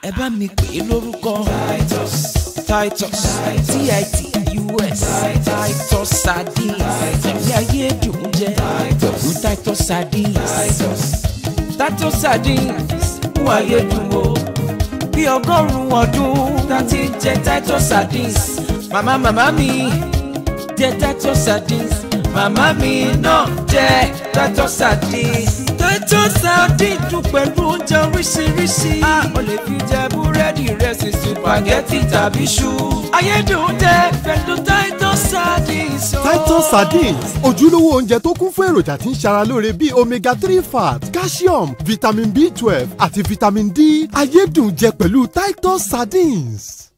ẹ bá mi pè é lórúkọ Titus Titus T-I-T-U-S Titus sardines ilé ayé dùn jẹ òun Titus sardines Titus sardines fún ayé dùn o bí ọgọ́rùn-ún ọdún láti jẹ Titus sardines màmá màmá mi jẹ Titus sardines màmá mi náà jẹ Titus sardines tó sá dídùn pẹ̀lú oúnjẹ oríṣiríṣi. a ò lè fi jẹ búrẹ́dì ìrẹsì sùpàgẹ́tì tàbí ṣú. ayédùn jẹ pẹ̀lú Titus sardines. Oh. Titus sardines ojúlówó oúnjẹ tó kún fún èròjà tí ń ṣara lóore bíi omega three fat calcium vitamin b twelve àti vitamin d ayédùn jẹ pẹ̀lú Titus sardines.